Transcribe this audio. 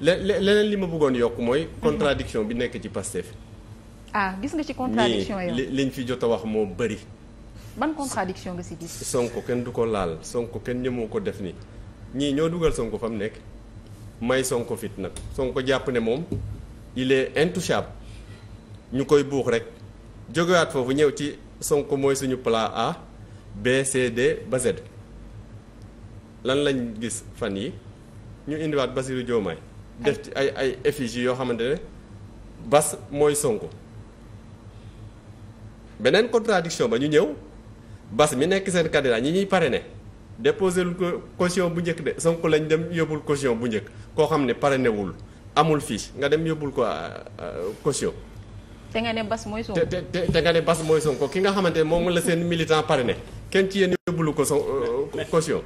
leneen li ma bëggoon yokk mooy. contradiction bi nekk ci Pastef. ah gis nga ci contradiction yow li liñ fi jot a wax moo bëri. ban contradiction nga si gis. sonk kenn du ko laal sonk kenn ñëmoo ko def nii ñii ñoo dugal Sonko fa mu nekk may sonk fit nag sonk jàpp ne moom il est intouchable ñu koy buux rek jógewaat foofu ñëw ci sonk mooy suñu plan A B C D ba Z lan lañ gis fan yi ñu indiwaat Basirou Diomaye def ci ay ay effigie yoo xamante ne Bass mooy sonk beneen contradiction ba ñu ñëw Bass mi nekk seen candidat ñi ñuy parrainé déposé lu ko caution bu njëkk de sonk lañ dem yóbbul caution bu njëkk koo xam ne parrainé wul amul fiche nga dem yóbbul ko euh, euh, caution. te nga ne Bass mooy Sonko te te te mooy Sonko ki nga xamante ne moom la seen militant ne kenn ci yéen yóbbulu ko son euh, caution.